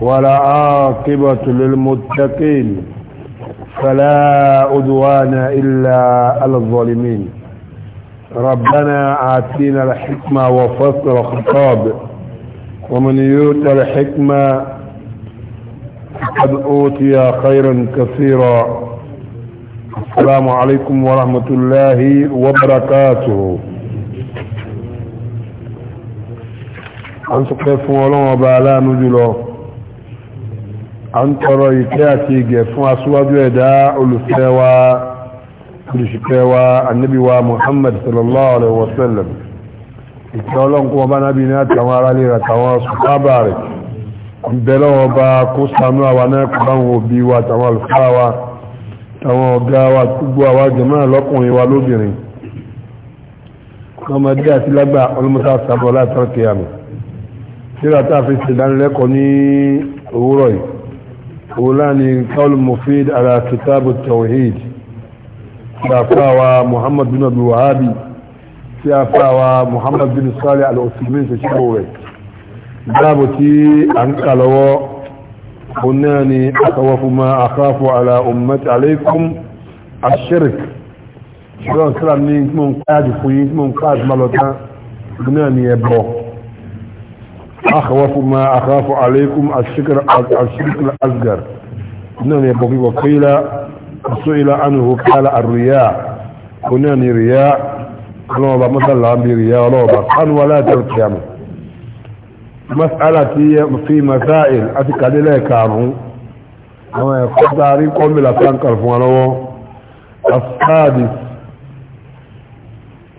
ولا عاقبة للمتقين فلا أدوان إلا على الظالمين ربنا آتينا الحكمة وفصل الخطاب ومن يؤت الحكمة قد أوتي خيرا كثيرا السلام عليكم ورحمة الله وبركاته أنسوا كيف ولو وبعلا نجلو a ń tọrọ ìkẹ́ àti ìgẹ̀ fún aṣíwájú ẹ̀dá olùfẹ́wa olùṣìkẹ́wa annabiwa muhammad sallallahu alaihi wasallam ìkẹ́ ọlọ́nkún ọba nábi ní àtàwọn ará lè ràtàwọn sùpábà rẹ̀ bẹ̀rẹ̀ ọba kó sànú àwa náà kàbáwọn òbí wa tàwọn alùfáà wa tàwọn ọ̀gá wa gbogbo àwa jẹ̀mọ́ lọ́kùnrin wa lóbìnrin ní òwúrọ̀ yìí أولاني قول مفيد على كتاب التوحيد فأفاوى محمد بن أبي وهابي فأفاوى محمد بن صالح الأسلمين تشبوه بابتي أنقلوا قلناني أخوف ما أخاف على أمة عليكم الشرك شكرا سلام نين كمون قاعد فوين كمون قاعد ملوتا قلناني يبوه أخوف ما أخاف عليكم الشكر الشرك الأصغر إنني يبقي وقيل سئل عنه قال الرياء هناني رياء لوبا مثلا برياء لوبا قال ولا تركيام مسألة في مسائل أتك لك كارو أما يقول داري قوم بلا فانكر فوالو السادس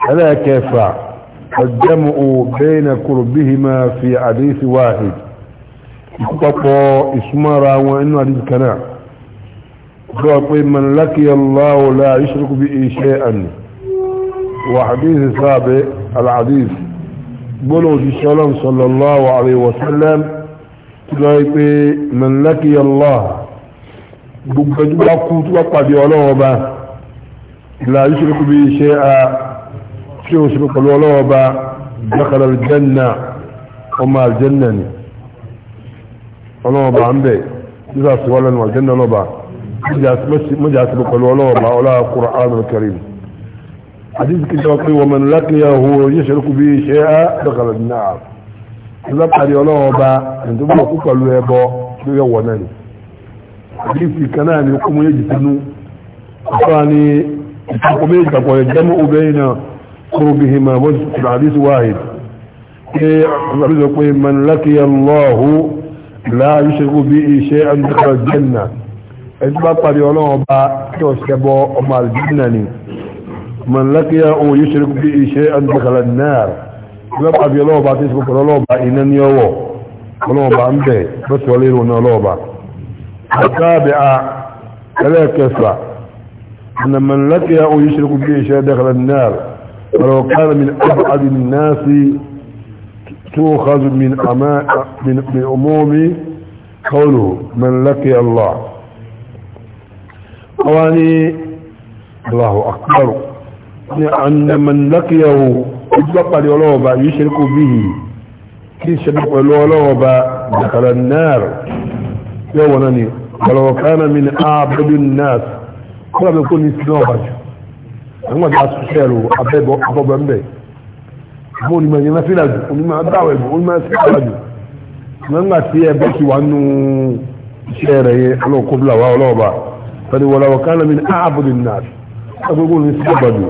ألا كيفا الجمع بين قربهما في حديث واحد يقطع اسمارا وانه حديث كناع يقول من لقي الله لا يشرك به شيئا وحديث سابق العديث بلو السلام صلى الله عليه وسلم يقول من لقي الله بقدر قوت وقد لا يشرك به شيئا tí ó ṣe pẹ̀lú ọlọ́wọ́ bá dákàlà aljanna ọmọ aljanna ni ọlọ́wọ́ bá ń bẹ̀ nígbà tí wọ́n lẹ́nu aljanna ọlọ́ba mọ́jà ti pẹ̀lú ọlọ́wọ́ bá ọlọ́wọ́ Qur'an al-Karim hadith kìí sọ pé waman laqiyahu yushriku bihi shay'an dákàlà an-nar ìlọ́pàdé ọlọ́wọ́ bá ẹ̀ńdúgbò kú pẹ̀lú ẹbọ tí ó yẹ wọ̀ náà ni hadith kan náà ni ó kọ́ قربهما وزن في الحديث واحد إيه، يقول من لقي الله لا يشرك به شيئا دخل الجنة إذا طريق الله با يوسكبه أم الجنة من لقي او يشرك به شيئا دخل النار إذا طريق الله با تشرك الله با إنن يوو الله با أمده بس وليرون الله با التابع لا كسرة أن من لقي او يشرك به شيئا دخل النار ولو كان من أبعد الناس تؤخذ من أما من, من أموم قوله من لقي الله أواني الله أكبر يعني أن من لقيه اطلق الولوبة يشرك به كي شرك الولوبة دخل النار يونني ولو كان من أعبد الناس قرب يكون يسلوبة àwọn àti asosẹ́rò abẹ́bọ abọ́bọ̀ ń bẹ̀ àwọn onímọ̀ yẹn máa fílà jù onímọ̀ adáwọ̀ ẹ̀bùn onímọ̀ síkàlà jù nígbà tí ẹbí ti wà nù iṣẹ́ rẹ̀ yẹn ọlọ́kọ́bílà wa ọlọ́ọ̀bà pẹ̀lú wọlé wọ kánà mi ní ààbòdì náà agogo ní síkàlà jù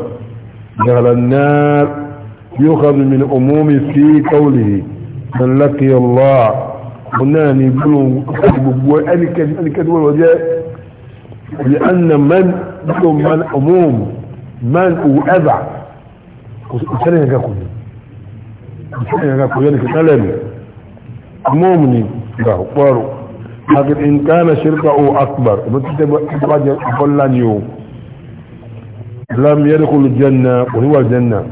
yàrá náà yóò kà mí ní òmùmí sí káwùlì nàlákì ọlọ́ mo náà ní gbogbo ẹnikẹ́ni ẹnikẹ́ni wọ́n wọ́n من أبع ìṣẹ́lẹ̀ yẹn kẹ́kọ̀ọ́ ni ìṣẹ́lẹ̀ yẹn kẹ́kọ̀ọ́ yẹn kẹ́kọ̀ọ́ lẹ́nu mọ́mù ni لكن إن كان شركه أكبر لم يدخل الجنة وهو الجنة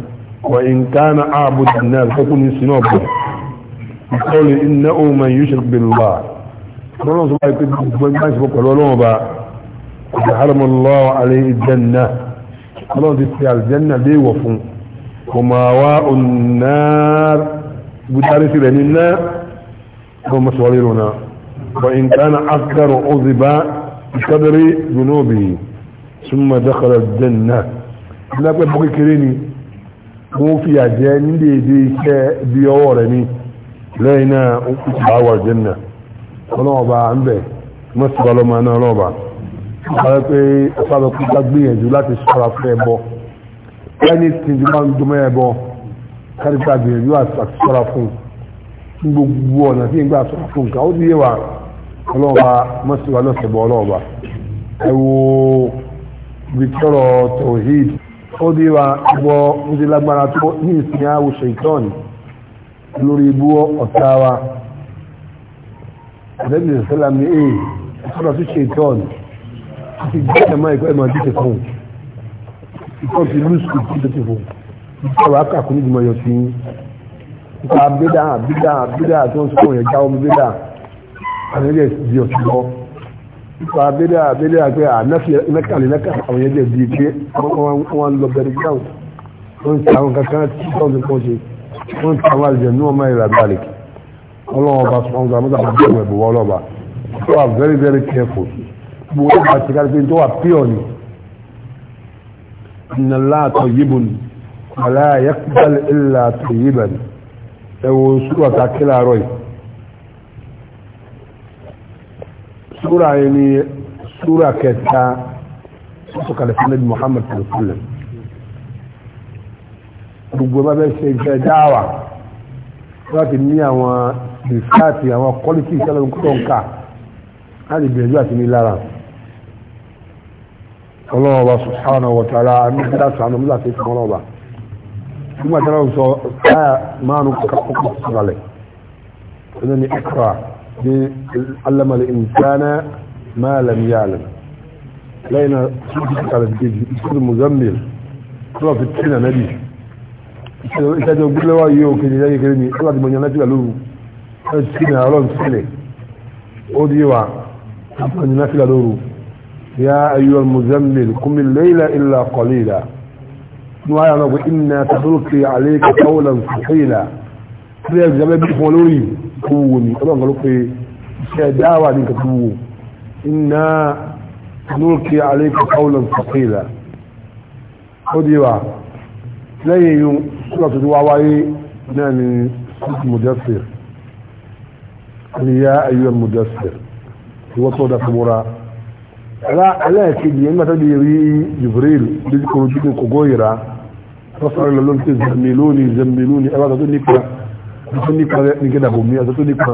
وإن كان أعبد الناس فكن سنوبه يقول إنه من يشرك بالله ربنا سبحانه يقول ما يسبقه يسبق بقى حرم الله عليه الجنة ọlọ́run ti fi àlùjẹ́nà lé ìwọ̀ fún ọmọ àwa ọ̀nà ibùdarí sí rẹ̀ nínú ọmọ mọ̀sọ̀rọ̀ ìrùn náà bọ̀ ìntánà asgaru ọ̀zìbá ìkọ́dọ̀rí gbónóbì súnmọ́ dọ́kọ̀rọ̀ jẹ́nà lápẹ́ bọ́ kékeré ni wọ́n fi àjẹ́ nílé èdè iṣẹ́ bí ọwọ́ rẹ̀ ni lẹ́yìn náà ó kú bá wà jẹ́nà ọlọ́ọ̀bà ń bẹ̀ mọ́sọ̀rọ̀ ọlọ́mọ náà ọlọ́ọ̀bà àwọn pé ọ̀pọ̀lọpọ̀ bá gbìyànjú láti ṣọ́ra fún ẹbọ ẹni tí ju máa ń dúnmọ́ ẹbọ kárípà gbìyànjú àti ṣọ́ra fún gbogbo ọ̀nà tí ń gbà ṣọ́ra fún nǹkan ó díye wa ọlọ́ọ̀ba mọ́síwá lọ́sẹ̀ bọ́ ọlọ́ọ̀ba ẹ wo victoria tawhid ó díye wa ẹbọ ó ti lágbára tó ní ìsìn àwòṣe ìtọ́ni lórí ibú ọ̀tá wa ẹ̀dẹ́gbẹ̀rẹ̀ sẹ́lá ní èyí ọ̀tọ́lọ́sí ṣe ìtọ́ni àti ìgbésẹ̀ máa ìgbẹ́ máa dìtẹ̀ fún un ìkọ́ ti lù sùkú tí ó ti fún un ìkọ́ wa kà kún ìgbìmọ̀ yọ̀ sí nípa bídà bídà bídà tí wọ́n ti fún yẹn jáwọ́ bídà àwọn ẹgbẹ́ di ọ̀sùn lọ nípa bídà bídà pé ànáfi ẹlẹ́kàlẹ́ lẹ́kà àwọn ẹgbẹ́ di pé wọ́n lọ bẹ̀rẹ̀ ground wọ́n ti àwọn kankan tí wọ́n ti pọ̀ ṣe wọ́n ti àwọn àlùjẹ̀ ní ọmọ ìlà gbàlẹ̀ ọlọ́wọ́ bá sọ gbogbo ọba ti ká pé tó wà píọ̀ ni inna Allah tayyibun wala yaqbal illa tayyiban ẹwọ sùúrà ta kílà rọ̀ yìí sùúrà yìí ni sùúrà kẹta sọ́sọ́ kalẹ̀ fún nabi Muhammad sallallahu alaihi wasallam gbogbo bá bẹ́ẹ̀ ṣe ìfẹ́ dáwà láti ní àwọn rìsáàtì àwọn kọ́lítì ìṣẹ́lẹ̀ ń kọ́ ń kà á gbìyànjú àti ní lára. ọlọ́ọ̀bá subhanahu wa ta'ala amíkúdásá àmì múlá fi fún ọlọ́ọ̀bá nígbà tí wọ́n sọ káyà márùn kọ́kọ́ sọ̀rọ̀lẹ̀ ẹni ni ẹ̀kọ́ ní alamọ̀lẹ̀ ìmùsánà máàlẹ̀m yàlẹ̀m lẹ́yìn náà tí wọ́n ti kàlẹ̀ kejì ìṣẹ́lẹ̀ mozambil tí wọ́n fi tí nà nẹ́bì ìṣẹ́jọ́ gbúlẹ́wà yóò kejì lẹ́yìn kejì ní ọlọ́dún mọ̀nyán láti lọ́wọ́ ẹni tí nà ọlọ́run sílẹ̀ ó di wa àpọ̀ ní láti lọ́wọ́ يا ايها المزمل قم الليل الا قليلا نوايا نقول انا تلقي عليك قولا ثقيلا يا زمان بفولوري كوني انا نقول في شداوة انك تبو انا تلقي عليك قولا ثقيلا خذي با لي يوم سورة دواوي ناني سوت مدسر يا ايها المدسر هو صدق مراه aláàkejì ẹgbẹ́ tó di rí Jibril lójú kòrò jíkò kògó ìrà lọ́sọ̀rọ̀ lọ lórí zamiloni zamiloni ẹgbẹ́ tó nípa tó nípa nígbàdà bòmí àti tó nípa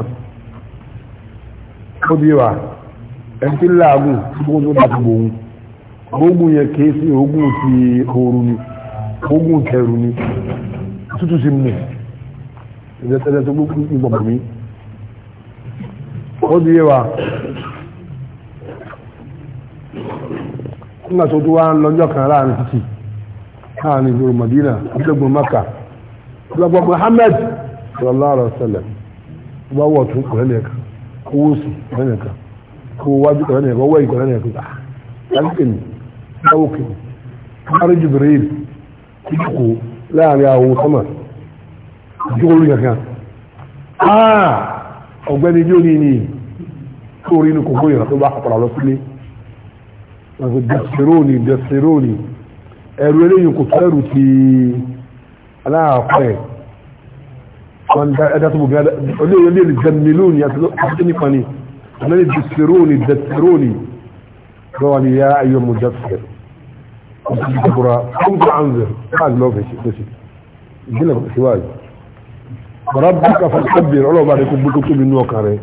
ó bí wa ẹni tí láàgùn tó tó dàbò bòun ogun yẹn kìí sí ogun ti ooru ni ogun kẹrù ni tútù sí mú ẹgbẹ́ tó gbogbo ìgbọ̀gbọ̀ mi ó bí wa nígbà tó tó wá ń lọ́jọ́ kan láàrin títì láàrin ìlú Madina abúlẹ́gbọ̀n Maka lọ́gbọ̀n Muhammad sallallahu alaihi wasallam wá wọ̀ tún kọ̀rẹ́ nìkan owó sí kọ̀rẹ́ nìkan owó wájú kọ̀rẹ́ nìkan owó ẹ̀yìn kọ̀rẹ́ nìkan kàlùkìnì kàlùkìnì kàrí Jibril kíkò láàrin àwọn sọ́mà jókòó nìkan ah, ọ̀gbẹ́ni jóni ni kó rí inú kòkó yẹn tó bá kọ̀ọ̀rọ̀ lọ sílé wọ́n dẹ̀sìrónì dẹ̀sìrónì ẹ̀rù eléyìn kò fẹ́rù ti aláàpẹ́ wọ́n ẹ̀dá tó gbogbo olóyìn olóyìn jẹ́mìlónì àti nípa ni wọ́n dẹ̀sìrónì dẹ̀sìrónì lọ́wọ́ ni yá ayọ́ mú jẹ́sìr kúrò kúrò àǹzẹ̀ káàdì lọ́wọ́ fèsì ìgbìlẹ̀ síwájú ربك فكبر الله بعد كبك كبك نوكره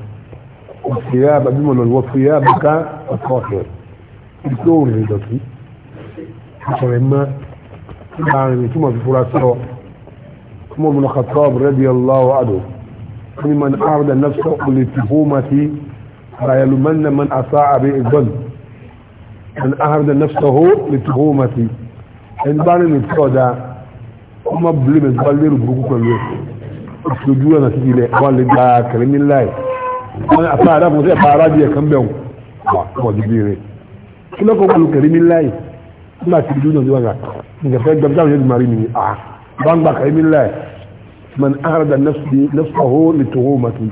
والثياب بمن والثياب كالطاهر ìpé òòrùn ìdọ̀tí àtọ̀rẹ̀ mọ́ nígbà rìn tí mo fi fura sọ ọmọ ibn Khattab radiyallahu anhu ó ní man arda nafsahu òlè tìbó ma ti rayalumanna man asa àbí ìgbọ́n man arda nafsahu òlè tìbó ma ti ẹni bá rìn tí ọ̀dà ó má bulé mi bá lérò burúkú pẹ̀lú ẹ̀ ìṣojú ẹ̀ nàti ilẹ̀ wọn lè gba kẹrìmí láì wọn asa àdàbọ̀ sí ẹ̀fà kí lọ́kọ̀ wà lókèrè ní láì nígbà tí ìdúró náà ti wà gà nígbà fẹ́ gbàgbà àwọn yẹn mari nìyí ah bá ń gbà kàrí ní láì man arada nafsahu li tuhumati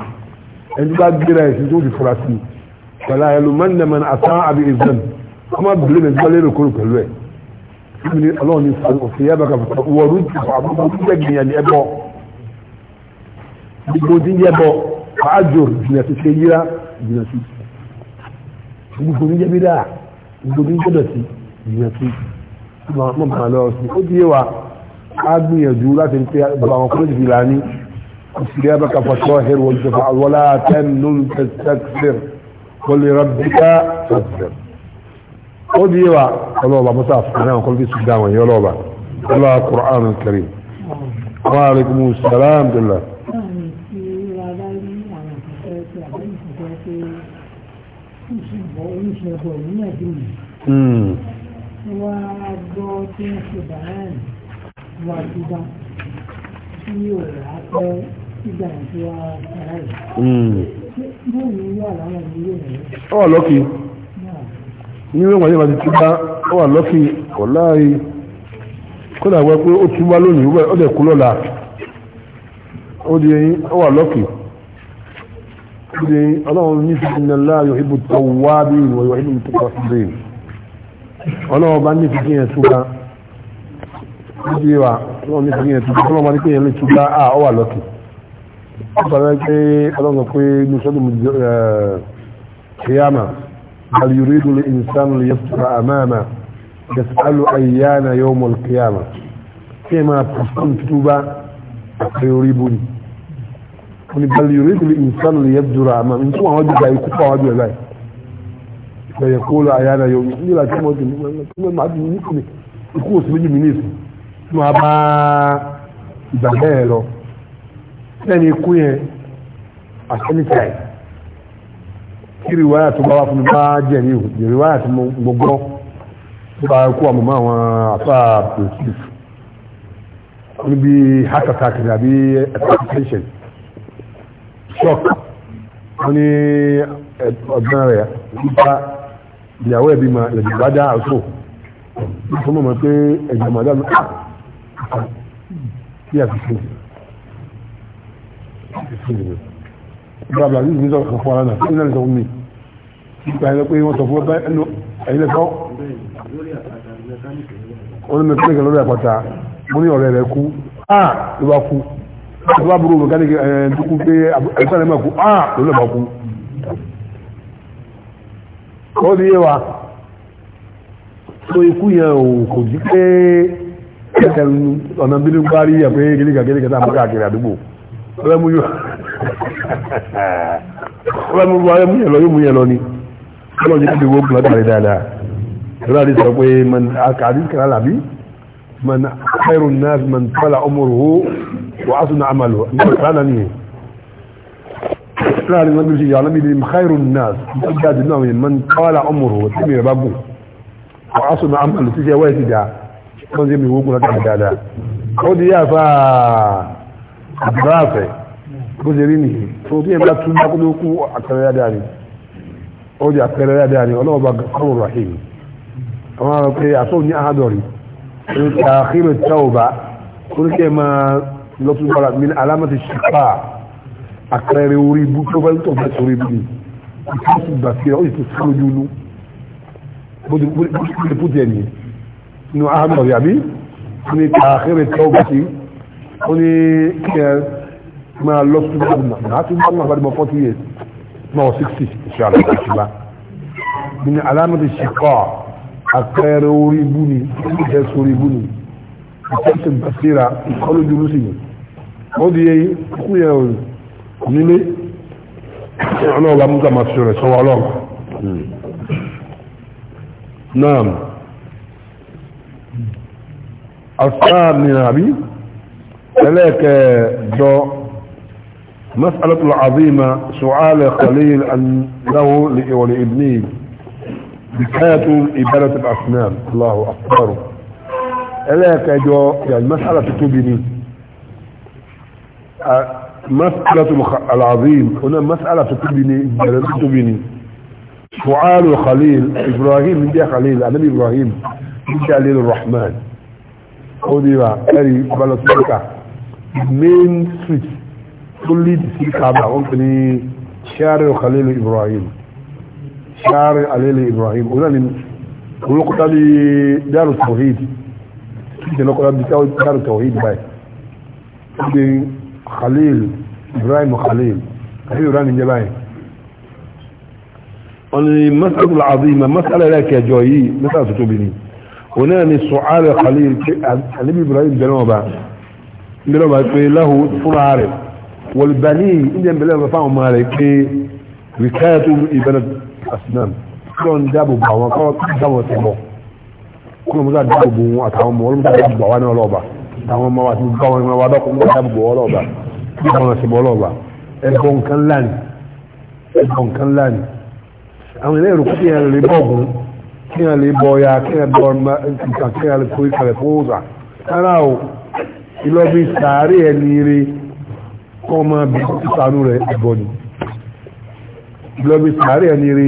ẹni tí bá gbéra ẹ̀sìn tó fi fura sí wàlá yalumanna man asa àbí ìzàn ọmọ abúlé mi gbọ́ lérò kóró pẹ̀lú ẹ̀ ní ọlọ́run ní òfin yaba kà wọ̀rú ti fọ àbúkú yẹ gbogbo gbọ́dọ̀ sí ìyẹ̀tí mọ̀ máa lọ sí ó díẹ̀ wa á gbìyànjú láti ń pé gbogbo àwọn kọ́lẹ́jì fi ni ìṣìlẹ̀ abẹ́ka pàtó ẹ̀rọ wọ́n jọba àwọlá tẹ́nu tẹ́sẹ̀kṣẹ̀r wọlé rọ́bìkà tẹ́sẹ̀kṣẹ̀r ó díẹ̀ wa ọlọ́ọ̀bà mọ́sá fún àwọn kọ́lẹ́jì sùgbọ́n àwọn yọlọ́ọ̀bà ọlọ́ọ̀ kùrọ̀ àrùn kẹrin wa alaikum salaam dùlá Hmm. wá gbọ́ hmm. lọ́kì ní ti lọ́kì kódà wọ́n pé ó lónìí kú lọ́la ó di eyín lọ́kì ó di eyín ọlọ́run ní láàyò ìbùtọ̀ wá bí ìwọ̀n ìwọ̀n ìbùtọ̀ bẹ́ẹ̀. ọlọ́wọ́ bá ní ìfikí yẹn túká níbi wà wọ́n ní ìfikí yẹn túká ọlọ́wọ́ bá ní ìfikí yẹn túká à ọ wà lọ́kì ọ̀pọ̀lọpọ̀ pé ọlọ́wọ́ pé ní sọ́dún kìyàmà bal yuridu lil insanu li yastura amama yasalu ayyana yawmul kìyàmà kí ẹ máa pàṣán túbá àti orí bóni ni bal yuridu lil insanu li yastura amama nítorí àwọn jùlọ ikú fún àwọn jùlọ báyìí فيقول أيانا يوم يقول لك كم وزن ما عاد يقول يقول سبيجي منيس ما با يبهله يعني يقول عشان يتعي kí riwaya tó bá wá fún bá jẹ́ ní ìhùn riwaya tó gbogbo tó bá kú àmọ́ mọ́ àwọn àfà pẹ̀lú níbi heart attack tàbí hypertension shock wọ́n ní ọ̀gbọ́n rẹ̀ nípa ìyàwó ẹbí ma ẹ̀jẹ̀ bá dá àtò nítorí mọ̀ pé ẹ̀jẹ̀ máa dá ah! mi kí a fi fún mi. Bọ́lá bàbá mi sọ fún ara náà kí n náà sọ fún mi. Nípa ẹni pé wọ́n sọ fún ọba ẹnu ẹ̀yin lẹ́kọ́. Wọ́n ní mẹ́kánì lórí àpáta, mo ní ọ̀rẹ́ rẹ̀ kú, á ah! ló bá kú. Ìjọba burú mẹ́kánì kan ẹ̀ẹ́dúkú rẹ̀ máa ah! á ló lọ́ bá kú ó ní yíwa tó ikú yẹn ò kò jí pé ẹ̀kẹ̀rù ọ̀nà bí ní gbárí ẹ̀ pé gírígà gírígà tá àmọ́ káàkiri àdúgbò ọlẹ́mú yóò ọlẹ́mú yẹn lọ yóò mú yẹn lọ ni ọlọ́run jẹ́ kí wọ́n gbọ́n dáre dáadáa ìrọ̀lẹ́ sọ pé man àkàrí kàrà làbí man khairun nas man tala umruhu wa asuna amalu ní ọ̀kàrà náà nìyẹn láàrin wọn bí ṣe yàrá bíi khairu nas nígbà tí náà wọn mọ́n kọ́lá ọmọrò wọ́n tí mi rẹ̀ bá gùn wọ́n á sọ̀rọ̀ àmàlù tí ṣe wáyé ti dà wọ́n ṣe mi wógun láti àgbà dáadáa ó di yàfa àbúrò àfẹ́ bó ṣe rí nìyí tó bí ẹ̀ka tún bá kúló kú àpẹẹrẹ dáadáa ni ó di àpẹẹrẹ dáadáa ni ọlọ́wọ́ bá kọ́rọ̀ rahim àwọn àwọn pé àtọ́wò ní ahadọ̀rì ní àkírò tẹ́wọ̀ bá kúrúkẹ́ máa lọ́tún bára àpẹẹrẹ orí ibú tó bá tó bá sórí ibú ni ìtàn sì gbà sí ọ ìtàn sí lójú inú bó ti pútì ẹni inú ahmed ọ̀rẹ́ àbí ó ní ká àkẹrẹ tẹ́ ọgbà sí ó ní kí ẹ máa lọ sí ọgbà náà náà tún bá máa bá dìbò forty years náà wọ sixty ìṣe àlọ́ àti bá ní alámọ̀tì ṣìkọ́ àpẹẹrẹ orí ibú ni ìtàn sórí ibú ni ìtàn sì gbà síra ìkọlójú inú sì ni ó di kú yẹn nílé ọlọ́run bá múta máa fi rẹ̀ sọ́wọ́ ọlọ́run náà asáàmìnà àbí ẹlẹ́ẹ̀kẹ́ jọ مسألة العظيمة سؤال خليل أنه ولابنه بكاية إبالة الأسنان الله أكبر إليك جو يعني مسألة تبني مسألة العظيم هنا مسألة تبني تبني شعار خليل إبراهيم من دي خليل النبي إبراهيم من خليل الرحمن خذي بقى أري بلا سلكة مين سويت كل دي سلكة بقى شعار خليل إبراهيم شعار خليل إبراهيم هنا ولقد دار التوحيد لقد دار التوحيد باي Khalil Ibrahim Khalil Khalil Ibrahim Jabai أني مسألة عظيمة مسألة لك يا جوي مسألة تبني هنا السؤال خليل النبي إبراهيم جنوبا جنوبا له صور عارف والبني إن بالله رفعوا مالك وكاية ابنة أسنان كلهم جابوا بعوا كلهم جابوا سمو كلهم جابوا بعوا أتعاموا ولم جابوا بعوا أنا ولا بعوا أتعاموا ما واتوا بعوا ما وادقوا ما جابوا بعوا ولا بعوا ọmọ ṣe bọ́ọ̀lọ́ wa ẹ̀bọ̀n kan lánìí ẹ̀bọ̀n kan lánìí àwọn ilé ìrùkú kí yẹn lè bọ́ọ̀gùn kí yẹn lè bọ́ ya kí yẹn bọ́ nǹkan kí yẹn lè kó ìkàlẹ̀ fún òòsà rárá ìlọ́bí sàárè ẹni rí kọ́ ọmọ bí sànú rẹ̀ ẹ̀bọ̀n ni ìlọ́bí sàárè ẹni rí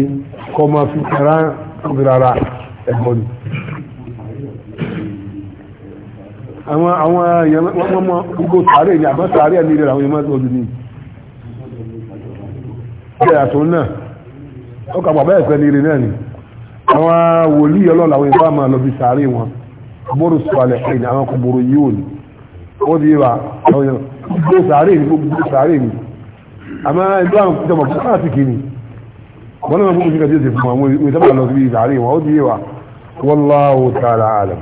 kọ́ ọmọ fi kàrá ẹ̀bọ̀n ni. àwọn àwọn èèyàn wọ́n mọ́ gbogbo sàárè ní àbọ́ sàárè ní ilẹ̀ àwọn èèyàn ọdún ní ilẹ̀ náà ó kà bàbá ẹ̀fẹ́ ní náà ni àwọn wòlíì ìfá máa lọ bí wọn ẹ̀yìn àwọn ní ó di wa àwọn èèyàn gbogbo sàárè ní gbogbo ní àmọ́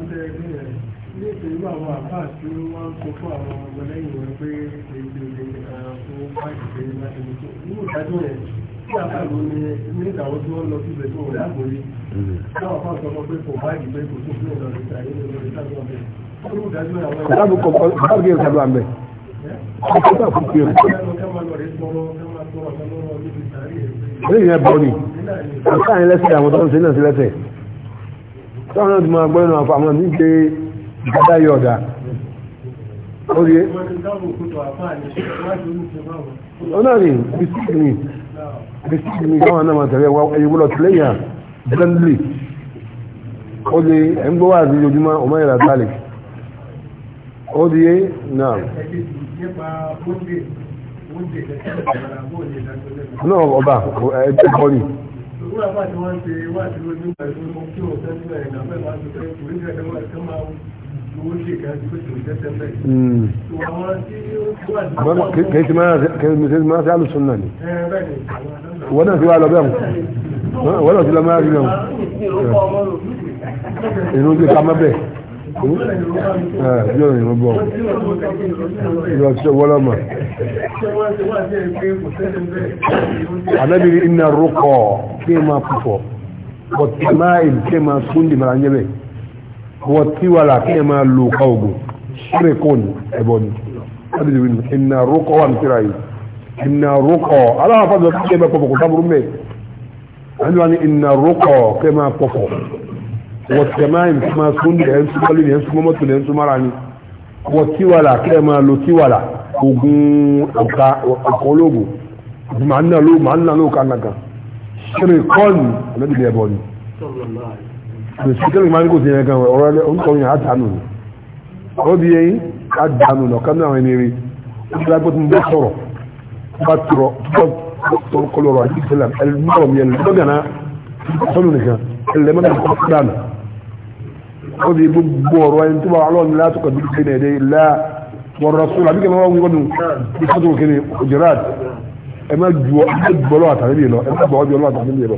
ìdájọ́ yẹn tí àpàlù ní nígbà wọn tí wọ́n lọ síbẹ̀ kí o. Eléyìí yẹn bọ́ ni. Àṣà lẹ́sẹ̀ àwọn tó ń náà sí lẹ́sẹ̀. Táwọn náà ti máa gbọ́ nínú àpò àwọn ní ṣe ìgbádá Ó rí é ọ̀nà ni bisikì ni bisikì ni káwọn náà máa tẹ̀lé wa ẹ̀yẹ wọlọ tẹ̀lé yà blendly ó di ẹ̀ńgbọ́ wà sí ojúmọ́ ọmọ ìlà tálẹ̀ ó di yé náà. náà ọba ẹgbẹ́ kọ́ ni. Ìwúrà bá ti wọ́n ṣe wá sí ojú pẹ̀lú kí òṣèlú ẹ̀ka fẹ́ máa ti fẹ́ kò ní ìrẹ̀lẹ́wọ̀n ẹ̀ka Hmm. kìí ti máa ṣe alùsùn náà ni wọ́n náà ti wá lọ bẹ́ẹ̀ mu wọ́n náà ti lọ máa rí lọ inú ti ká má bẹ́ẹ̀ yóò yìnbọn bọ̀ yóò ṣe wọ́lọ́ mọ̀ anábìrin iná rúkọ̀ kí n máa púpọ̀ bọ̀tí máa ìdí kí n máa sún dìmọ̀ àyẹ̀bẹ̀. هو التيولا كما لو قوغو شركون ابوني ابي دي ان رقوا انتراي ان رقوا على فضل كما كوكو تبرو مي قالوا ان رقوا كما كوكو والتمائم كما سن ينسو قليل ينسو ممت ينسو مراني هو التيولا كما لو تيولا ogun ọkọ̀ ológun màá náà ló màá náà ló kánaka ṣírí kọ́ọ̀nù ọlọ́dún ẹ̀bọ̀ ni kìlọ̀ ìmáà ní kò sí ẹ̀yẹ gan ọ̀rọ̀ ẹ̀lẹ́ orúkọ yẹn àdánù ni ó di ẹyin àdánù ni ọ̀kan náà ẹni rí ó ti lágbó tó ń bẹ sọ̀rọ̀ bá tọrọ tó ń kọlọ̀ ọ̀rọ̀ àti ìṣẹ̀lẹ̀ ẹlẹ́mọ̀ mi ẹlẹ́mọ̀ gànà sọ́nù nìkan ẹlẹ́mọ̀ gànà kọ́ dànù ó di gbogbo ọ̀rọ̀ ẹni tó bá wà lọ́ọ̀ni látọkọ̀ bí ṣe nà ẹ̀dẹ́ ilá wọ̀rọ̀ sọ́nù àbí kẹ́mọ́ wọn wọ́n ní sọ́tò kéde òjòrà ẹ má ju ọlọ́ àtàlẹ́bí lọ ẹ má bọ̀ ọ́ bí ọlọ́ àtàlẹ́bí lọ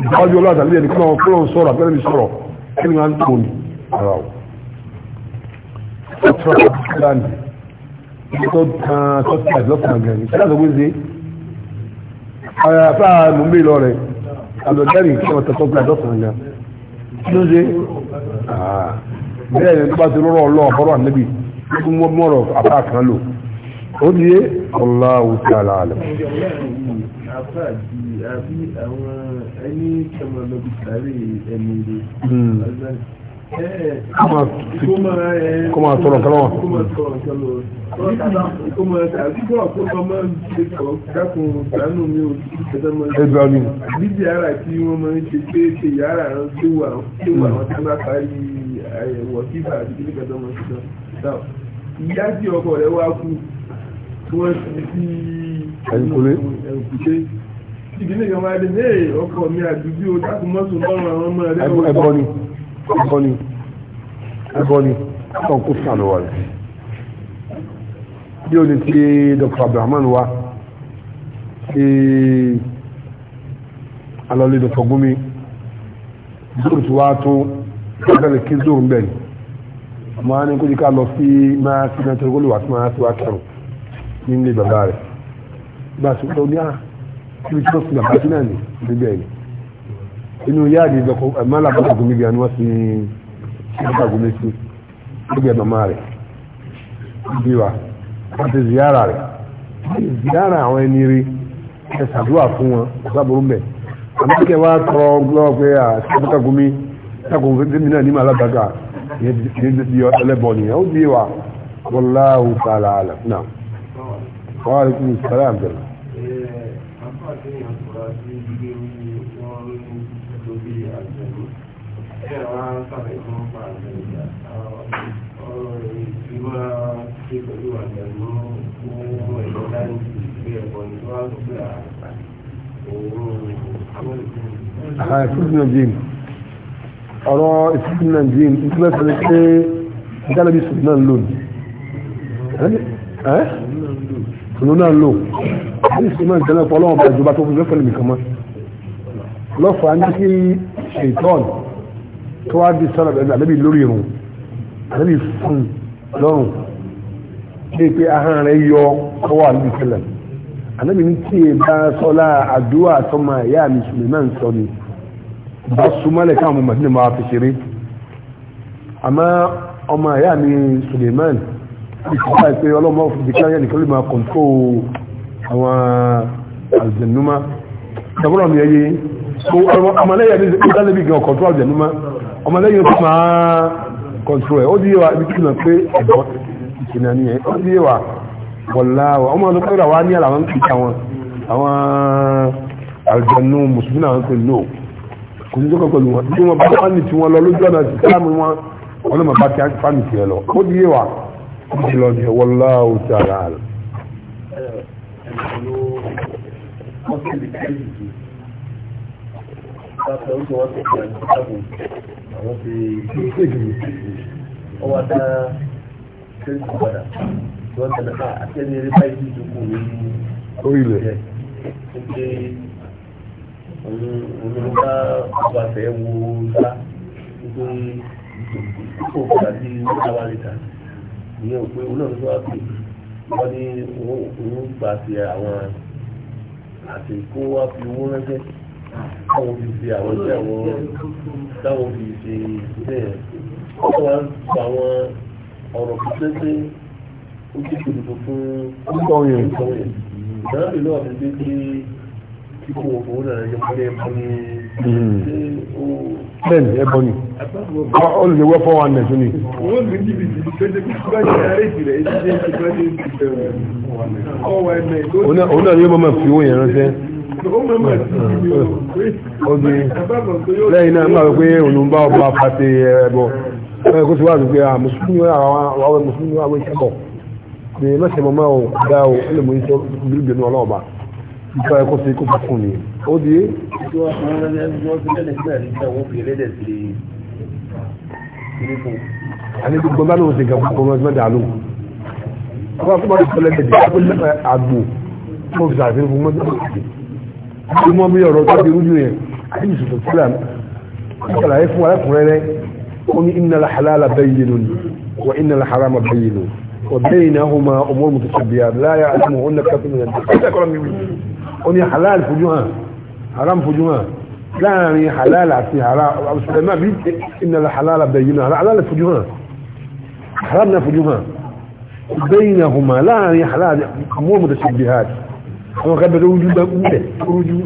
ìdájú ọlọ́dà lè ní kọ́nà ọkùnrin sọ̀rọ̀ abẹ́rẹ́ mi sọ̀rọ̀ kí ni wọ́n ń tó ní ara o. ọ̀tún ọ̀tún kíláàni tó tán tọ́tí àdìlọ́kùnrin gẹ̀ẹ́ni kí láti wọ́n ṣe ara apá mùmí lọ rẹ̀ àlọ́dẹ́rì kí wọ́n tọ́tọ́ pé àdìlọ́kùnrin gẹ̀ẹ́ ṣe ah. bẹ́ẹ̀ ni tó bá mọ́rọ̀ apá kan lò ó di ọlá òkè àlàálẹ̀ afá àti àbí àwọn ẹni kẹmọ lọbi sáré ẹni rẹ hmm. kó máa tọrọ nǹkan lọ́wọ́. kó máa tọrọ nǹkan lọ́wọ́. kó máa tàbí kó máa kó máa ń ṣe kọ́ dákun dánú mi ò sí ìṣẹ́jọ́ máa ń ṣe. ẹgbẹ́ mi. bíbí ara tí wọ́n máa ń ṣe pé ṣe yàrá hmm. àwọn tí wà tí wà wọn tí wọ́n parí àyẹ̀wò fífà àti kíkẹ́jọ́ máa ń ṣe náà. ìyá tí ọkọ rẹ̀ wá kú tí wọ́n ti fi ẹ̀yìnkùlé ìdílé kan máa dé ẹ̀ ọkọ mi àdúgbò ó dákun mọ́tò lọ́rùn àwọn ọmọ rẹ̀ lọ́wọ́. ẹbọ ni ẹbọ ni ẹbọ ni kàn kó sàn lọ́wọ́ rẹ̀ bí o ní ti Dr. Abdulrahman wa ti alọ́lé Dr. Gumi zoro ti wá tó ọ̀gbẹ́lẹ̀ kí zoro ń bẹ̀rẹ̀ mọ́ á ní kó jí ká lọ sí máa ti náà tó gbólóhùn àti máa ti wá kẹrùn nílé bàbá rẹ̀ bá a sọ pé oníyà ah, kíbi tí wọ́n fi bàbá sí náà ní gbígbẹ́ yìí inú yáàdì ìdọ̀kọ̀ mọ́là bàbá gómi gan ni wọ́n fi bàbá gómi sí gbígbẹ́ màmá rẹ̀ bí wa wọ́n ti ziyara rẹ̀ ziyara àwọn ẹni rí ẹ ṣàdúrà fún wọn ọ̀sábùrú mẹ́ àmọ́ kí ẹ wá tọrọ lọ́wọ́ pé àṣẹ́bùkà gómi tákùn fẹ́mi náà ní màlá bàgà ẹlẹ́bọ̀ nìyẹn ó bí wa wọ́n láwù wọ́n rí kí n sọ̀rọ̀ àgbẹ̀rẹ̀. ọ̀rọ̀ ìsìnkú nàìjíríà ìtúlẹ̀sẹ̀ pé ìdálẹ́bí sùn náà lónìí òun náà lò àdìsí máa ń tẹ́lẹ̀ pọ̀ ọlọ́wọ́ bá ìjọba tó fi fẹ́fẹ́ nìkan mọ́ lọ́fà ní kí ṣètọ́n tó wá di sọ́nà bẹ̀rẹ̀ àdébì lórí irun àdébì fún lọ́rùn bíi pé ahọ́n rẹ̀ yọ ọwọ́ àdébì tẹ́lẹ̀ àdébì ní kí ẹ bá sọ́lá àdúrà tó máa yá mi sùnmí náà sọ ni bá súnmọ́lẹ̀ káwọn ọmọ màdínà máa fi ṣeré àmọ́ ọmọ ìyá mi Suleiman ìfúnpá ìpé ọlọ́mọ ìdíkáyà nìkan lè máa kọ̀ǹtó àwọn àjẹ̀númá ṣàkóra mi ẹyẹ so ọmọlẹ́yìn ní ìdánilẹ́bí gan kọ̀ǹtó àjẹ̀númá ọmọlẹ́yìn tó máa kọ̀ǹtó ẹ̀ ó díye wa ibi kí n pé ẹ̀dọ́ ìkìnà ni ẹ̀ ó díye wa wọ̀lá ọmọ ọdún pẹ́rọ wa ní àwọn ìta wọn àwọn àjẹ̀nú mùsùlùmí náà ń pè lò kò sí tó kọ̀ pẹ̀lú wọn bí wọn bá fámì tí wọn lọ lójú ọ̀nà ìsìlámù wọn wọn lọ́mọ bá fámì tí ẹ lọ ìlọ́jẹ̀ wallahu ta'ala ọwọ́ dá ṣẹ́yìn padà wọ́n tẹ̀lé náà àti ẹni eré báyìí ní ìdókòwò ní orílẹ̀ ó pé òun bá ọba fẹ́ wo ńlá ó pé kò padà sí ìwé àwárí tàbí ìyẹn ò pé òun náà ló wá pè wọ́n ní òun gbà sí àwọn àti kó wá fi owó rẹ́jẹ́ táwọn fi ṣe àwọn iṣẹ́ àwọn táwọn fi ṣe iṣẹ́ yẹn wọ́n wá ń sọ àwọn ọ̀rọ̀ pípẹ́ pé ó ti ṣòdodo fún ìtọ́yìn ìtọ́yìn ìdánábì náà fi dé pé kíkó owó náà yẹ kó lè bọ́ ní. bẹ́ẹ̀ ni ẹ hmm. bọ́ ni olùdíwọ́ fọ́ wọn nẹ̀tún ni òun náà yóò mọ́mọ́ fi owó yẹn ránṣẹ́ lẹ́yìn náà máa pé òun bá ọba pàtẹ ẹbọ ẹgbẹ́ kó sì wà wípé à mùsùlùmí àwọn mùsùlùmí àwọn ìṣẹ́bọ̀ ni mẹ́sẹ̀ mọ́ máa dá o ilé mú iṣẹ́ bírígbẹ̀nú ọlọ́ọ̀bá ìgbà ẹ̀kọ́ sí kó fún ni ó di é ale ko gbọ́n bá lóun ti ga kó kọ́mọ́ ẹgbẹ́ dàlú ọba kó bá lóun lẹ́gbẹ̀ẹ́ dé kó lẹ́gbẹ̀ẹ́ àgbò kó fi sàfihàn fún mọ́tò ìdè kó mọ́ bí ọ̀rọ̀ tó ti rújú yẹn àti ìṣòfò sílà ìṣàlàyé fún alákùnrẹ́rẹ́ ó ní inna la halala bayyinun wa inna la harama bayyinun wa baynahuma umur mutashabihat la ya'lamuhunna kathirun min an-nas ó ní halal fojú haram fojú كان حلال في حرام ابو سليمان بيقول إيه؟ ان الحلال بينه حلال في جهه حرامنا في جهه بينهما لا يحلال يعني مو متشبهات هو قد بده وجود وجود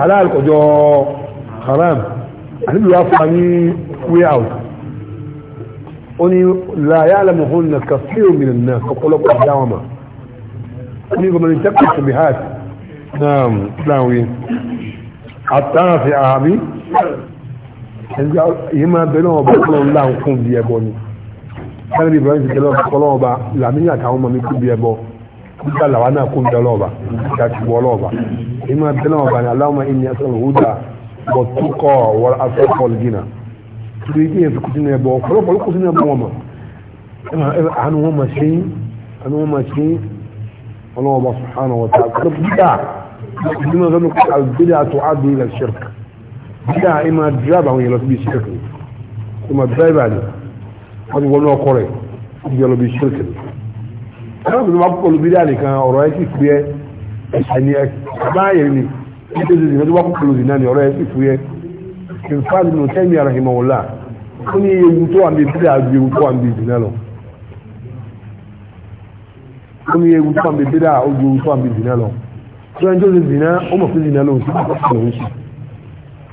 حلال وجو حرام هل يفهمي وياو لا يعلم هن كثير من الناس قلوب دعوما نيجو من التشبهات نعم لا وين àtàràfẹ́ àhábí èyí máa bẹ̀rẹ̀ ọba kọlọ̀ ńlá ń fún bí ẹbọ ni kẹ́rìndì ibrahim ti bẹ̀rẹ̀ kọlọ̀ ọba làmínú àtàwọn ọmọ mi kú bí ẹbọ nígbà làwọn náà kú bí ọlọ́ọ̀ba láti wọ ọlọ́ọ̀ba èyí máa bẹ̀rẹ̀ ọba ni aláwọ̀ máa ń yẹ sọ̀rọ̀ húdà bọ̀ túkọ̀ wọ́n afẹ́kọ̀ gínà torí kí yẹn fi kú sínú ẹbọ ọ̀pọ̀lọpọ̀ kú sínú ẹbọ wọn mọ̀ ìdímọ̀ lọ́nà pé àgbédà tó ádùn ilẹ̀ ṣirk bídà ẹ máa dráìbà àwọn èèyàn lọ síbi ṣirk ni ó máa dráìbà ni wọ́n ti wọnú ọkọ rẹ̀ ibi ọlọ́ bí ṣirk ni. ẹ̀rọ tó máa pọ̀lú bídà nìkan ọ̀rọ̀ ẹ̀ sì fúyẹ́ ẹ̀ṣẹ̀ ni ẹ̀ báyẹ̀ ni títí ti ìfẹ́ tó bá pọ̀lú zìnà ni ọ̀rọ̀ ẹ̀ sì fúyẹ́ ìfáàdì nù tẹ́mi àràhìmọ̀wòlá ó ní ewu tó wà ju ewu tó wà níbi zìnà lọ ó ní ewu tó wà ju ewu tó wà níbi zìnà tí wọ́n tó lè zìnà ó mọ̀ fún zìnà lóhun sí ọ̀pọ̀ òun sí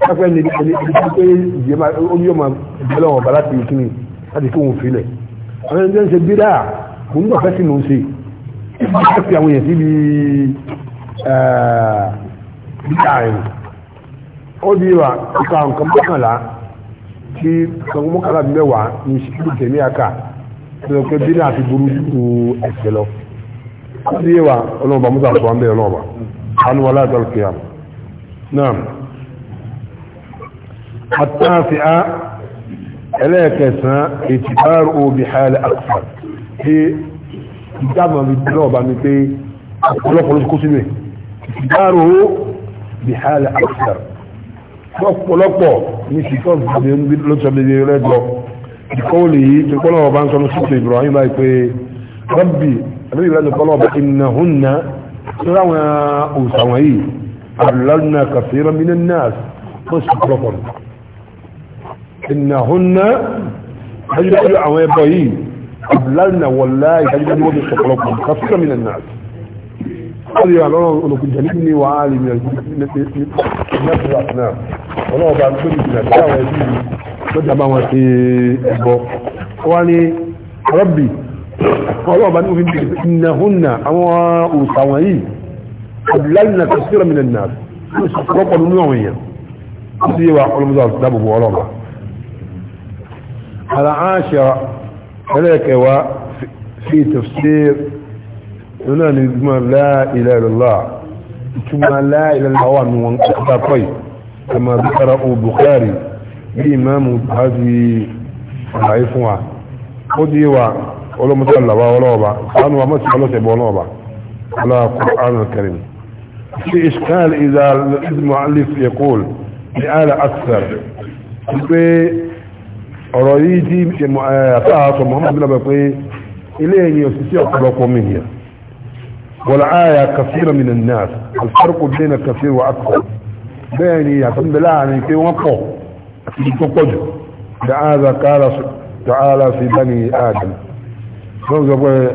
kápẹ́ ní ẹni tí pé ìjẹba omi ọmọ ìbẹ̀lẹ̀ ọ̀bà láti ìkí ni láti kí òun filẹ̀ àwọn ẹni tó ń ṣe bídà kò ń gbọ̀fẹ́ sí lòun ṣe ìpàkì àwọn èèyàn síbi eh, bídà rẹ̀ ó di wa ipa nǹkan mọ́kànlá tí nǹkan mọ́kànlá mẹ́wàá ní ìṣẹ́lẹ̀ tẹ̀mí àkà tó lọ pé bídà ti burú ju ẹ̀ṣẹ̀ lọ àti yíwa ọlọ́ọ̀bà mú sàtọ̀ wọn bẹ́ẹ̀ ọlọ́ọ̀bà wọn wọlé àtọ́ kìíyà náà àtàfi á ẹlẹ́ẹ̀kẹsàn ìtìbáàrù òbí hàlẹ̀ àkùfà tí ìjábà mi lọ́ọ̀bà mi pé ọ̀pọ̀lọpọ̀ ló kó sínú ẹ̀ ìtìbáàrù òbí hàlẹ̀ àkùfà ọ̀pọ̀lọpọ̀ ní sìkọ́ lọ́sọ̀bẹ̀rẹ̀ lẹ́jọ́ ìkọ́wọ́lì yìí tó kọ́lọ̀ ọba ń sọ lọ́sọ̀tò النبي قال للطلبة إنهن سواء سوائل أعللنا كثيرا من الناس قصد بطل إنهن حجر أجل عوابه أعللنا والله حجر أجل عوابه كثيرا من الناس قال يا الله أنك جنبني وعالي من الناس الأقناع الله بعد كل من الناس وعالي من الناس وعالي ربي قالوا بنو هند انهن اواء صوائي قبلنا كثير من الناس ربا نوعيا سيوا قول مزال دابو بوالوغا على عاشرة هلاك و في تفسير هنا نجمع لا اله الا الله ثم لا اله الا الله من وانقضى كما ذكر البخاري بامام هذه العفوه خذ ولمت الله قرآن أنا ما سألت بولوبا على القرآن الكريم في إشكال إذا المعلف يقول لآل أكثر في رأيتي مؤافاة محمد بن بطي إليه يستطيع قبلكم منه والآية كثيرة من الناس الفرق بين كثير وأكثر بيني يعتمد لا يعني كي وقو في تقجر لهذا قال تعالى في بني آدم فنقبل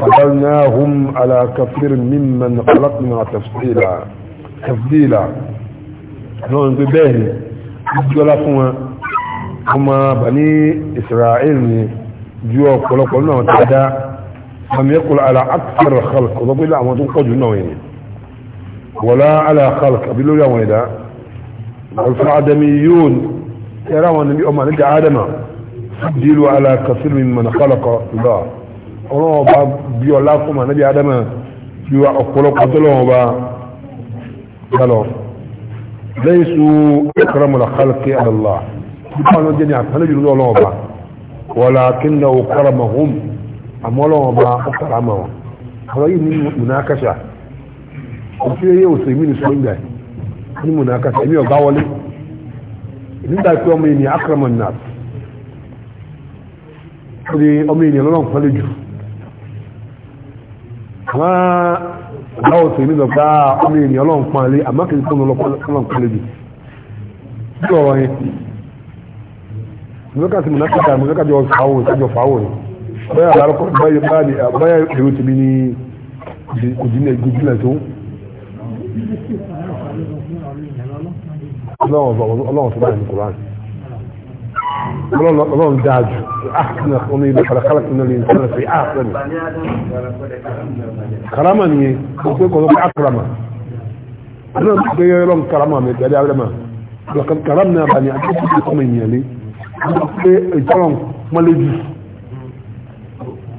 فجعلناهم على كثير ممن خلقنا تفصيلا تفضيلا لون ببيه جولا فما هما بني إسرائيل جوا قلوا قلنا وتعدى لم يقل على أكثر خلق وضبوا إلا عمدون قجوا نوين ولا على خلق بلو يا ويدا والفعدميون يرون النبي أمان إنت آدمه dìlù ala kasiru mọ̀nà kọ́lọ̀kọ́ lọ ọlọ́run ọba bí ọlá fún ma níbi adama bí wa ọ̀pọ̀lọpọ̀ tó lọ́wọ́ ọba kálọ̀ lẹ́yìn su ẹ̀kọ́rọ̀ mọ̀nà kálọ̀kì àlọ́lá nípa àwọn jẹ́ ní àtàlẹ́ jùlọ ọlọ́run ọba wọ́lá kí n náà kọ́rọ̀ mọ̀ hùm àmọ́ ọlọ́run ọba ó kàrà mọ̀ wọn àwọn yìí ní mùnákàṣà òfin yẹ òsè mí ní sọ ìgbà ní mùnákàṣà èmi ọ̀gá wọlé nígbà pé ọmọ yìí ní akọ̀rọ̀ mọ̀ náà ní ọmọ ènìyàn lọ́nà pẹ́lú jù wọ́n láwọ̀ tó ní lọ́gbà ọmọ ènìyàn lọ́nà pẹ́lú àmọ́ kìí tó lọ́nà pẹ́lú jù bí ọ̀rọ̀ yẹn lọ́kà sí mùnáfíkà mú lọ́kà jọ fàáwò ìtajọ fàáwò ni báyà àlárọ́kọ́ báyà èrò ti bí ní òjìnlẹ̀ tó ọlọ́wọ̀n tó ọlọ́run dájú áàkìnà ah, ọmọ ilẹ̀ kàlàkàlàkìnà lè sọ́rọ̀ sí áàkìnà ah, karama ni gbogbo ẹkọ̀ lọ́pọ̀ ákìrama ọlọ́run tó gbé yọ́rọ̀ karama mi tẹ́lẹ̀ alẹ́mà lọ́kàn karama náà bá ní akẹ́kọ̀ọ́ ọmọ ènìyàn lé pé ìtọ́rọ̀ mọ́lẹ́jù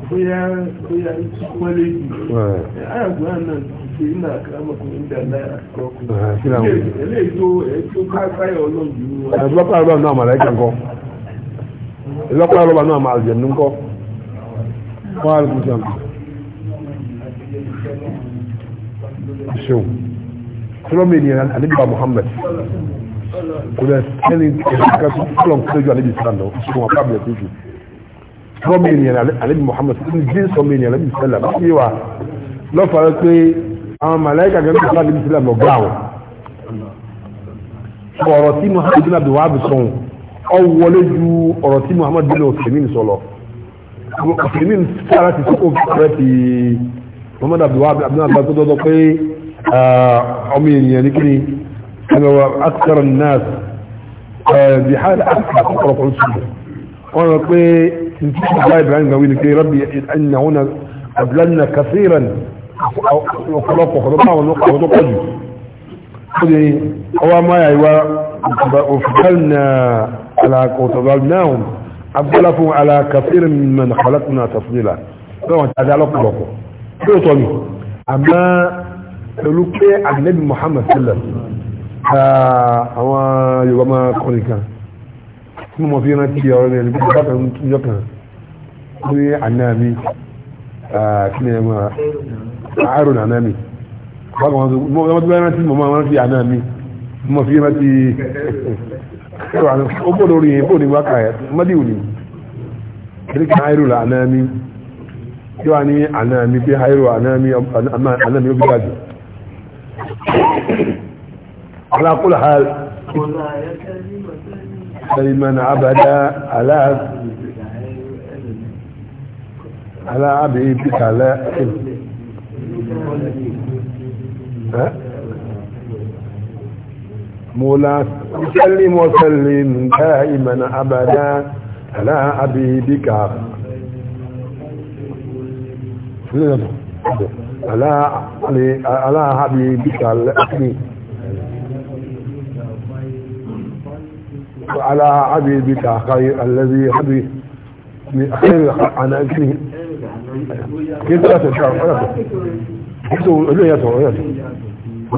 bóyá bóyá mọ́lẹ́jù ààbò àná ṣe iná kàrámọ̀kùn ìdá náírà lọ́kọ́ lọ́ba náà máa jẹ̀ ní kọ́ wọ́n á rí kúrò sàmì ṣeun tọ́lọ́mì ènìyàn àníbà Muhammad kò lẹ́ sẹ́ni ìrìnkà tó kọ́lọ̀ kọ́lọ̀ ju àníbì sàn lọ ṣe wọn kábíyà tó jù tọ́lọ́mì ènìyàn àníbì Muhammad kò ní jíǹsì ọmọ ènìyàn àníbì sàn lọ ọwọlé ju ọ̀rọ̀ tí Muhammad bin ọ̀sẹ̀mín sọlọ ọ̀sẹ̀mín sára ti sọ́kò rẹ̀ ti Muhammad abdullahi abdullahi tó dọ́dọ́ pé ọmọ ènìyàn ní kíni ẹgbẹ̀wà akẹ́rọ̀ an-nas bí hàn akthar ọ̀rọ̀ kan sùn wọ́n rọ pé tí tí bá Ibrahim gawi ni pé rabbi ẹ̀yìn àwọn abdullahi kasiran ọ̀pọ̀lọpọ̀ ọ̀pọ̀lọpọ̀ àwọn ọ̀pọ̀lọpọ̀ jù قولي هو ما يوا وفضلنا على وفضلناهم أبلفوا على كثير من خلقنا تفضيلا فهو تعالق لكم شو طمي أما لوكي النبي محمد صلى الله عليه وسلم هو يوا ما كونيكا ثم في نتي يورني اللي بيتكلم يوكا قولي عنامي آه كلمة عارون عنامي bákan wọn tó bá rántí mọ̀ máa rántí àná mi mọ̀ fi rántí ó bò lórí yẹn bò ní wákà ẹ̀ mọ́dí òní kíríkì àìrò là àná mi kí wàá ní àná mi pé àìrò àná mi àná mi ó bí gàdù. alákùlà ha سليمان عبدا على على عبد لا مولا سلم وسلم دائما أبدا على بك على على بك على أبي بك خير الذي حبي خير عن أجله كيف تشعر حياته كيف يدعو يدعو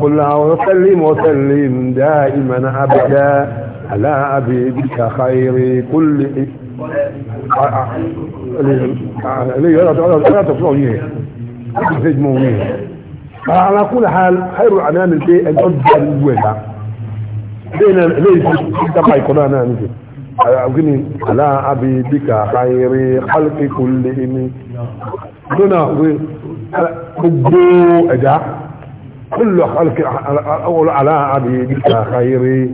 قل وسلم وسلم دائما أبدا على ابي بك خير كل على كل حال خير الأنام ان جدا الوضع بين ليس دقائق قرانا انا أغني على بك خير خلق كل إني دون أقول gbogbo كل خلق أول على عبيد خير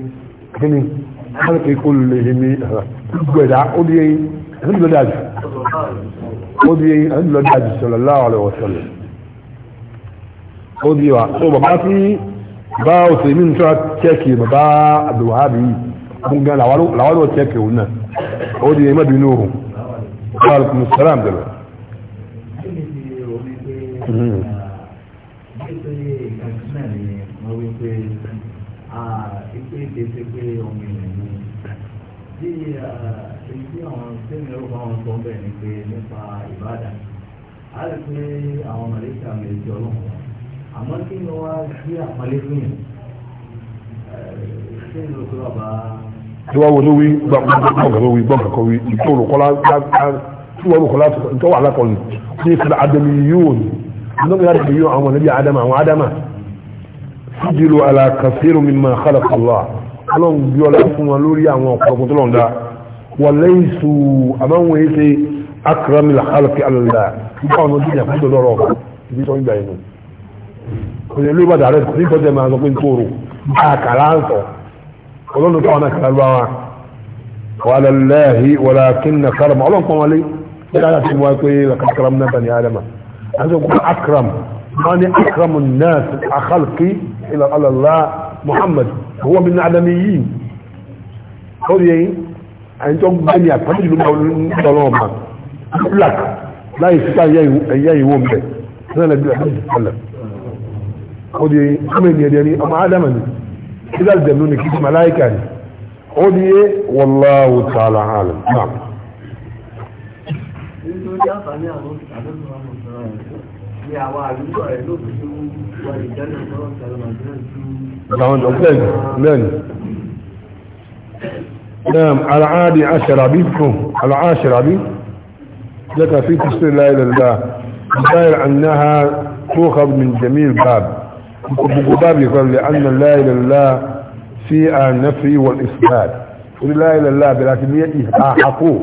كني خلق كلهم بدع أدي هل بدع أدي هل بدع صلى الله عليه وسلم أدي وعقوبة باتي باو سيمين شوى تشكي بابا عبد الوهابي ممكن لوالو لعوالو تشكي هنا أدي ما بنوره وعليكم السلام دلوقتي omi ìlú bí èyí tí àwọn tí mi ò bá wọn sọ bẹ́ẹ̀ ni pé nípa ìbàdàn á rí pé àwọn màlẹ́kà mi ti ọlọ́run wọn àmọ́ kí ni wọ́n á gbé àpálẹ́ fún yẹn kí ni ló fi wà bá. tí wọ́n wo ló wí gbọ̀ngàn ló wí gbọ̀ngàn kọ́ wí tí olùkọ́lá tí wọ́n olùkọ́lá tó wà lákọ̀ọ́ ni kí ni kìlá adami yóò ní nígbà yàrá ìbí yóò àwọn ọmọ níbi àdámà àwọn àdámà sídìlú àlàkàfẹ́rù mímọ́ àkàlàkàlà. ọlọ́run bí ọlá fún wọn lórí àwọn ọ̀pọ̀lọpọ̀ tó lọ́nda wọ́n lẹ́yìn su àbáwọn èyí ṣe akramil halki alala nípa ọ̀nà jíjà fún ìdọ́dọ̀ ọ̀rọ̀ ibi sọ ìgbà inú òye ló bá dàrẹ́ ní ìtọ́jú ẹ̀ máa sọ pé n tóoru àkàrà ń sọ ọlọ́run táwọn náà kàrà lọ́wọ́ wa wàhálà lẹ́hì wàlá kí n nà kàrà mọ́ ọlọ́run pọ́nwálé yàrá àti wọn pé lakàkàràm náà bani adama àti wọn kọ́ akram wọn ni akram náà akhalki ilà alala muhammad هو من العدميين قول ايه عندهم بني اكبر جلو مولوما لك لا يستطيع اياه ومبه انا لا بلا حد يتكلم قول ايه امن يديني ام عدمني كده الجنون كده ملايكة قول ايه والله تعالى عالم نعم Ní àwọn àrùn ìjọ ẹ̀ ló fi ṣe wọ́n ìjọ́nà tó ń tẹ̀lé Màjíríà àwọn ọ̀pẹ́lì lẹ́nu نعم العادي عشر بكم العاشر بي لك في تفسير لا إله إلا الله الظاهر أنها تؤخذ من جميع الباب باب يقول لأن لا إله إلا الله في النفي والإثبات قل لا إله إلا الله بلكن هي إحقاقه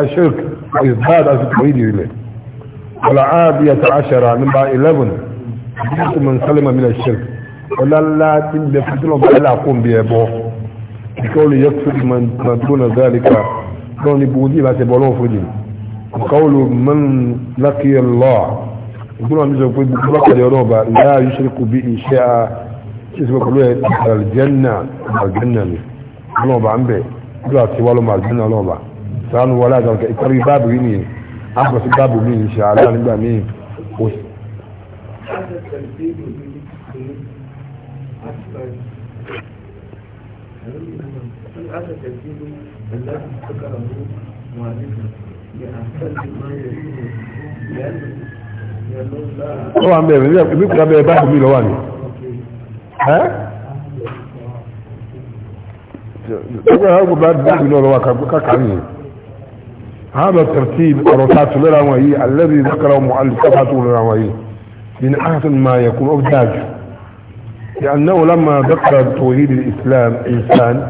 الشرك وإثبات التوحيد إليه والعادية عشرة نمبر 11 من سلم من الشرك ọlọ́lá tí ń bẹ fún tí wọ́n bá là kó ń bí ẹbọ ìkọ́ lè yẹ kó máa tó nà zálìkà lọ́wọ́ ní gbogbo tí ìbá ṣe bọ́ lọ́wọ́ fún yìí ọ̀ká wo ló mọ́n lákì lọ́ ìgbóná mi sọ pé gbogbo bá kàdé ọlọ́wọ́ bá ìyá yìí ṣe kò bí iṣẹ́ a ṣe sọ pẹ̀lú ẹ̀ àlìjẹ́nà àlìjẹ́nà ni ọlọ́wọ́ ń bẹ̀ ìgbà tí wà lọ́mọ àlìjẹ́nà ọlọ́wọ́ sànù wọlé àjọkẹ́ هل هذا التجديد الذي ذكره مؤلفه لأحسن ها الترتيب الرسات للعوائي الذي ذكره مؤلف صفحته للعوائي من أحسن ما يكون أفداج لأنه لما ذكر توحيد الإسلام إنسان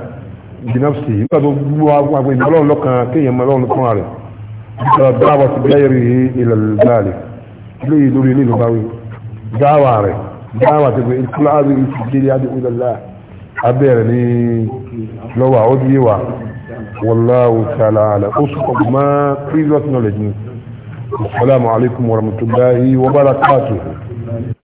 بنفسه يقولون لك كي يملون لك ذكر دعوة غيره إلى ذلك ليه دوري ليه باوي دعوة دعوة كل هذا السجل يدعو إلى الله أبيرني لو أعودي والله تعالى على أصحب ما previous knowledge السلام عليكم ورحمة الله وبركاته